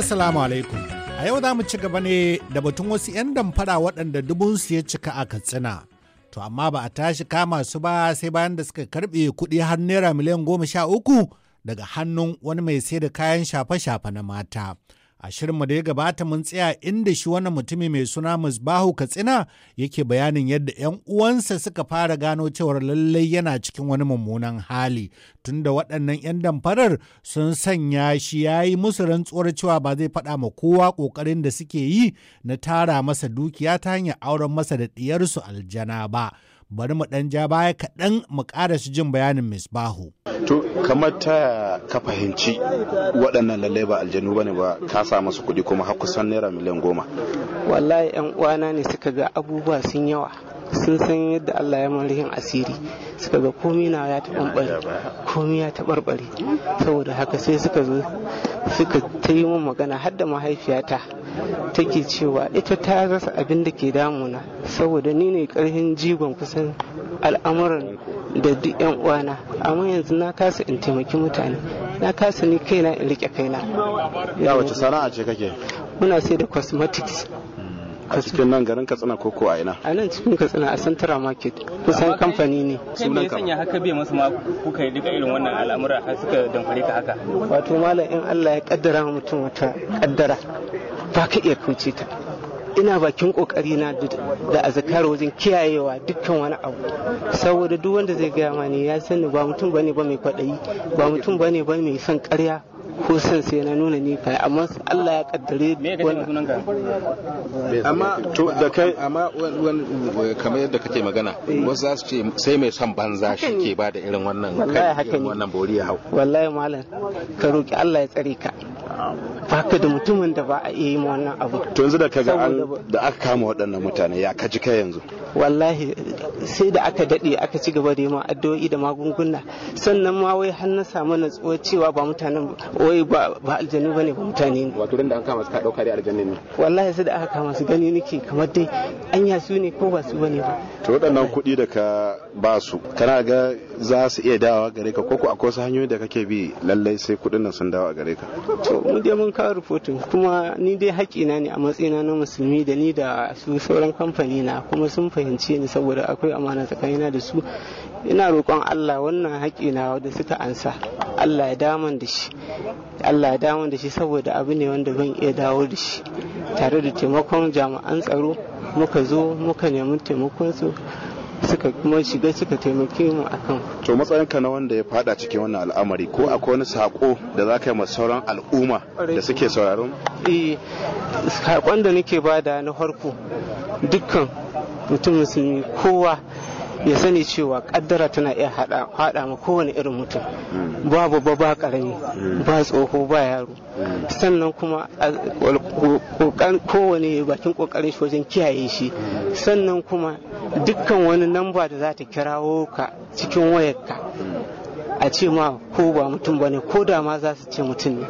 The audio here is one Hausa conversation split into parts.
Assalamu alaikum. A yau za mu ci gaba ne da batun wasu 'yan damfara waɗanda dubunsu ya cika a Katsina. To amma ba a tashi kama su ba sai bayan da suka karɓe kuɗi har naira miliyan goma sha uku daga hannun wani mai sai da kayan shafe-shafe na mata. a shirinmu da ya gabata mun tsaya inda shi wani mutumi mai suna musbahu katsina yake bayanin yadda 'yan uwansa suka fara gano cewar lallai yana cikin wani mummunan hali tunda waɗannan 'yan damfarar sun sanya shi ya yi musu rantsuwar cewa ba zai faɗa ma kowa ƙoƙarin da suke yi na tara masa dukiya ta hanyar auren masa da ɗiyarsu aljana ba bari mu ɗan ja baya kaɗan mu ƙara su jin bayanin misbahu. To kamar ta ka fahimci waɗannan lallai ba aljanu bane ba ka sa masu kuɗi kuma har kusan naira miliyan goma. Wallahi 'yan uwana ne suka ga abubuwa sun yawa sun san yadda Allah ya yin asiri suka ga komi na ya taɓarɓare komi ya taɓarɓare saboda haka sai suka zo suka ta yi min magana har da mahaifiyata take cewa ita ta rasa abin da ke damuna saboda ni ne karhin jigon kusan al'amuran da duk yan uwana amma yanzu na kasa in taimaki mutane na kasa ni kaina in rike kaina ya wace sana'a ce kake muna sai da cosmetics a cikin nan garin katsina ko ko a ina a nan cikin katsina a santara market kusan kamfani ne sunan ka sanya haka bai musu ma kuka yi duka irin wannan al'amura har suka damfare ka haka wato malam in Allah ya kaddara mutum wata kaddara ba ka iya kauce ta ina bakin kokari na da azkar wajen kiyayewa dukkan wani abu saboda duk wanda zai gaya mani ya sani ba mutum bane ba mai kwadayi ba mutum bane ba mai son karya ko san sai na nuna ni kai amma Allah ya kaddare wannan amma to da kai amma eh, kamar yadda kake magana eh. wasu za su ce sai mai son banza shi ke ba da irin wannan kai, wannan bori ya hau wallahi malam ka roki Allah ya tsare ka baka da mutumin da ba a iya ma wannan abu to yanzu da an da aka kama waɗannan mutane ya kaji kai yanzu wallahi sai da aka daɗe aka ci gaba da yi addu'o'i da magunguna sannan ma wai har na samu natsuwa cewa ba mutanen kawai ba ba aljanu bane ba mutane ne wato da an kama su ka dauka dai ne wallahi sai da aka kama su gani nake kamar dai anya su ne ko ba su bane ba to waɗannan kuɗi da ka ba su kana ga za su iya dawa gare ka koko akwai wasu hanyoyi da kake bi lallai sai kuɗin nan sun dawo a gare ka to mu dai mun kawo rufotin kuma ni dai haƙina ne a matsayina na musulmi da ni da su sauran kamfani na kuma sun fahimci ni saboda akwai amana tsakanina da su ina roƙon Allah wannan haƙi na wanda suka ansa Allah ya daman da shi Allah ya daman da shi saboda abu ne wanda ban iya dawo da shi tare da taimakon jami'an tsaro muka zo muka nemi taimakon su suka kuma shiga suka taimake mu akan to matsayinka na wanda ya fada cikin wannan al'amari ko akwai wani sako da za ka yi sauran al'umma da suke sauraron eh sakon da nake bada na farko dukkan mutum musulmi kowa ya sani cewa kaddara tana iya hada ma kowane irin mutum babu ba ba karami ba tsoho ba yaro sannan kuma kowane bakin kokarin shi wajen kiyaye shi sannan kuma dukkan wani namba da za ta kirawo ka cikin wayarka a ce ma ko ba mutum ba ne ko da ma za su ce mutum ne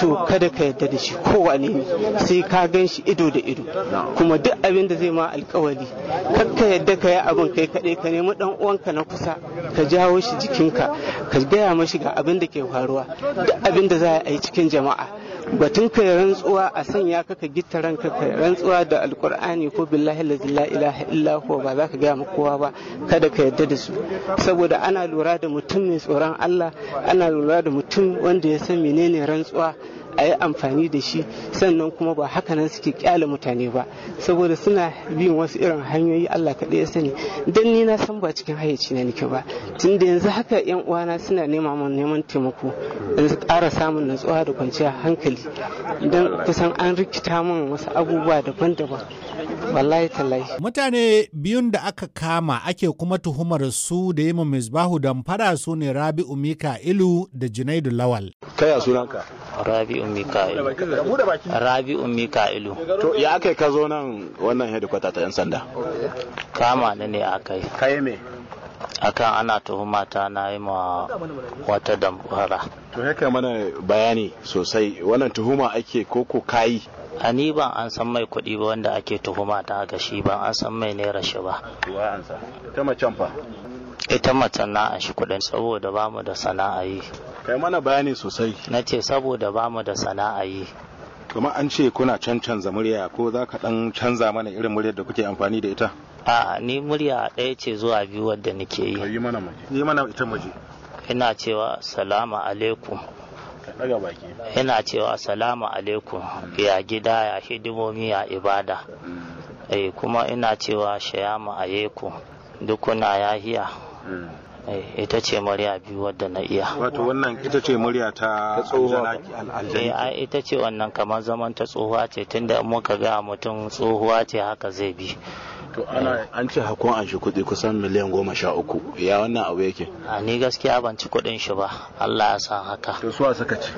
to kada ka yarda da shi ko wane ne sai ka gan shi ido da ido kuma duk abin da zai ma alkawari ka yarda ka yi abin kai kaɗai ka nemi ɗan uwanka na kusa ka jawo shi jikinka ka gaya mashi ga abin da ke faruwa duk abin da za a yi cikin jama'a batun kai rantsuwa a sanya ka ka gita ranka kai rantsuwa da alkur'ani ko billahi la ilaha illa huwa ba za ka gaya ma kowa ba kada ka yarda da su saboda ana lura da mutum mai tsoron Allah ana lura da mutum wanda ya san menene rantsuwa a yi amfani da shi sannan kuma ba haka nan suke kyale mutane ba saboda suna bin wasu irin hanyoyi Allah kaɗai ya sani dan ni na san ba cikin hayyaci na nake ba tunda yanzu haka yan uwana suna nema mun neman taimako yanzu ƙara samun natsuwa da kwanciyar hankali dan kusan an rikita min wasu abubuwa daban-daban wallahi tallahi mutane biyun da aka kama ake kuma tuhumar su da yi misbahu damfara su ne rabi'u mika ilu da junaidu lawal kaya sunanka rabi'u mika'ilu rabi'u mika'ilu to ya aka ka zo nan wannan hedikwata ta yan sanda kama ni ne yi kai me akan ana tuhuma ta na yi ma wata damfara to ya kai mana bayani sosai wannan tuhuma ake koko kayi a ni ban an san mai kuɗi ba wanda ake tuhuma ta ga shi ban an san mai naira shi ba Ita macen fa ita macen na a shi kuɗin saboda ba mu da sana'a yi kai mana bayani sosai na ce saboda ba mu da sana'a yi kuma an ce kuna cancanza murya ko za ka dan canza mana irin muryar da kuke amfani da ita a ni murya ɗaya ce zuwa biyu wadda nake yi yi mana ita maji ina cewa salamu alaikum ina cewa salamu alaikum ya gida ya hidimomi ya ibada mm. eh, kuma ina cewa shayamu alaikum dukuna yahiya mm. Eh, ita ce murya biyu wadda na iya wato wannan ita ce murya ta tsohuwa eh, ita ce wannan kamar zaman ta tsohuwa ce tunda muka ga mutum tsohuwa ce haka zai bi to ana an ce hakon an shi kuɗi kusan miliyan goma sha uku ya wannan abu yake a ni gaskiya ban ci kuɗin shi ba Allah ya san haka to suwa suka ci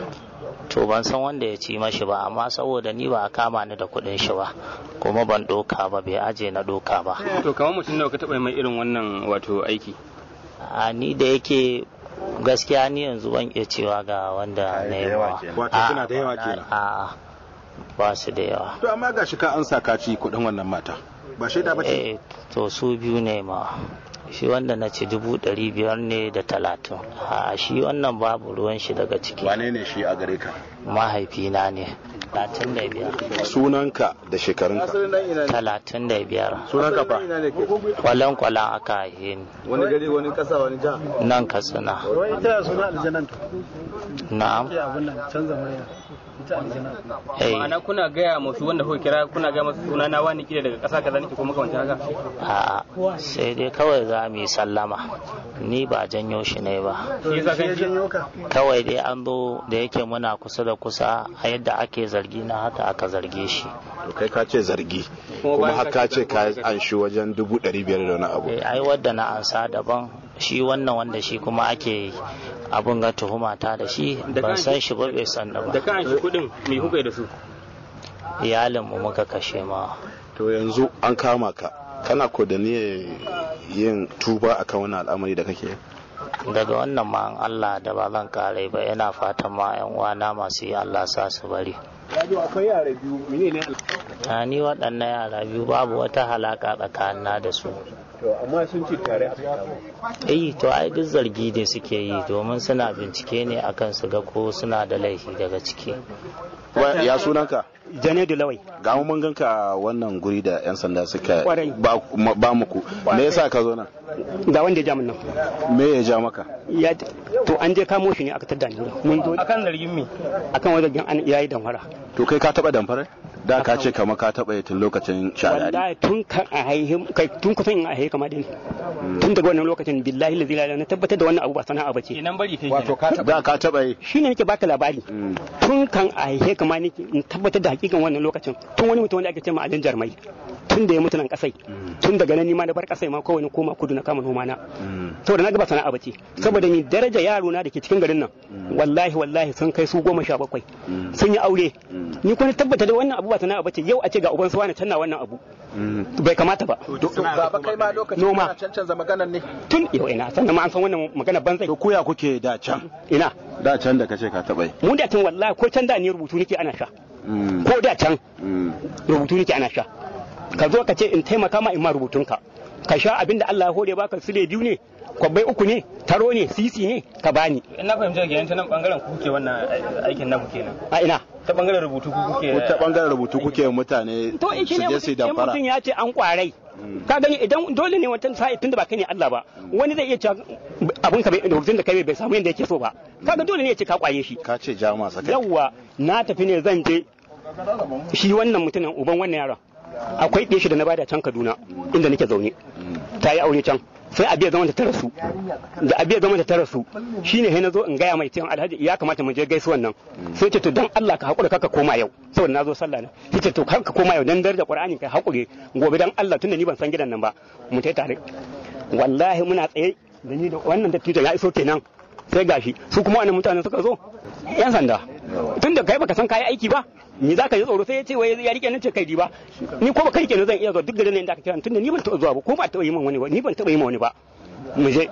to ban san wanda ya ci mashi ba amma saboda ni ba a kama ni da kuɗin shi ba kuma ban doka ba bai aje na doka ba to kamar mutum ne ka taɓa mai irin wannan wato aiki a ni da yake gaskiya ni yanzu ban iya cewa ga wanda na yi a ba su da yawa to amma ga shi ka an saka ci kuɗin wannan mata ba shaida ba ce eh, to su biyu ne ma shi wanda na ce dubu ɗari biyar ne da talatin a shi wannan babu ruwan shi daga ciki wane ne shi a gare ka mahaifina ne talatin da biyar sunanka da shekarunka talatin da biyar sunanka ba? kwalon kwalon aka haife ni wani gari wani kasa wani jiha nan katsina ita suna aljanan na'am canza murya ita aljanan eh. ma'ana kuna gaya musu wanda kuka kira kuna gaya musu suna na wani kira daga ƙasa kaza nake ko wancan haka a'a sai dai kawai za mu yi sallama ni ba janyo shi ne ba kawai dai an zo da yake muna kusa da kusa a yadda ake zargi na haka aka zarge shi to kai ka ce zargi kuma haka ce ka an shi wajen dubu ɗari biyar da wani abu eh, ai wadda na ansa daban shi wannan wanda shi kuma ake abun ga tuhuma ta da shi ban san shi ba bai san da ba da kan shi kudin me kuka da su Iyalin mu muka kashe ma to yanzu an kama ka kana ko da niyyar yin tuba akan wani al'amari da kake daga wannan ma Allah da ba zan kare ba yana fatan ma yan uwana masu yi Allah sa su bari akwai biyu menene ni waɗannan yara biyu babu wata halaka tsakanina da su to amma sun ci tare eh to ai duk zargi ne suke yi domin suna bincike ne akan su ga ko suna da laifi daga ciki ya sunanka jane da lawai ga mu mun ganka wannan guri da yan sanda suka ba muku me yasa ka zo nan da wanda ya ja min nan me ya ja maka ya to an je kamo shi ne aka tada ni mun zo akan zargin me akan wajen an yayi damfara to kai ka taba damfara da ka ce kama ka taɓa yi tun lokacin shagari wallahi tun kan a haihi kai tun kusan a haihi kamar din hmm. tun daga wannan lokacin billahi lazi lalana tabbatar da wannan abu ba sana'a bace nan bari kai wato ka taɓa da ka taɓa yi shine nake baka labari hmm. tun kan a haihi kamar nake in tabbatar da hakikan wannan lokacin tun wani mutum wanda ake ce ma alin jarmai tun da ya mutu nan kasai hmm. tun daga nan nima na bar kasai ma kowane koma kudu na kama noma na saboda na gaba sana'a bace saboda ni daraja yaro na da ke cikin garin nan wallahi wallahi sun kai su goma sha bakwai sun yi aure ni kuma tabbata da wannan abu ba sana'a bace yau a ce ga uban suwa ne canna wannan abu bai kamata ba baba kai ma lokacin kana cancanza maganar ne tun yau ina sannan ma an san wannan magana banzai to koya kuke da can ina da can da kace ka tabai mu da can wallahi ko can da ni rubutu nake ana sha mm. ko da can mm. rubutu nake ana sha ka zo ka ce in taimaka ma in ma rubutunka ka sha abinda Allah ya hore baka sule biyu ne kwabbai uku ne taro ne sisi ne ka bani ina fahimci da ta nan bangaren kuke wannan aikin naku kenan a ina ta bangaren rubutu kuke ta bangaren rubutu kuke mutane to in shine mutum ya ce an kwarai ka gani idan dole ne wata sa'i tunda ba kai ne Allah ba wani zai iya cewa abun ka bai da kai bai samu yanda yake so ba kaga dole ne ya ce ka kwaye shi ka ce ja masa kai yawa na tafi ne zan je shi wannan mutumin uban wannan yaron akwai ɗaya shi da na bada can Kaduna inda nake zaune ta yi aure can sai abiya zaman ta su da abiya zaman ta rasu shine sai zo in gaya mai cewa alhaji ya kamata mu je gaisu nan sai ce to dan Allah ka hakura kaka koma yau saboda nazo sallah ne sai ce to ka koma yau dan darja Qur'ani kai hakure gobe dan Allah tunda ni ban san gidan nan ba mu tai tare wallahi muna tsaye da ni da wannan dattijo ya iso kenan sai gashi su kuma wannan mutanen suka zo yan sanda tunda kai baka san kayi aiki ba ni za ka yi tsoro sai ya ce wai ya rike nan ce kai ba ni ko ba kai kenan zan iya zuwa duk garin nan da aka kira tunda ni ban taɓa zuwa ba ko ba taɓa yi min wani ba ni ban taɓa yi min wani ba mu je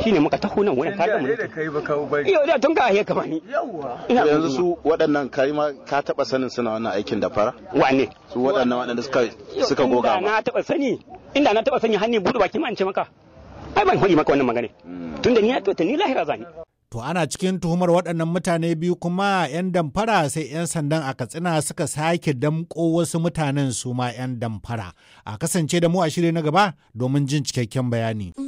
shine muka taho nan wani kaga mu ne kai ba kawo bari yau da tun ga ya kama ni yawa yanzu su waɗannan kai ma ka taɓa sanin suna wannan aikin da fara wane su waɗannan waɗanda suka suka goga ma na taɓa sani inda na taɓa sani hannu buɗe baki ma an ce maka ai ban hori maka wannan magana hmm. tunda ni na to ni lahira zani To ana cikin tuhumar waɗannan mutane biyu kuma 'yan damfara sai 'yan sandan a Katsina suka sake damƙo wasu mutanen su ma 'yan damfara. A kasance da mu a shiri na gaba domin jin cikakken bayani.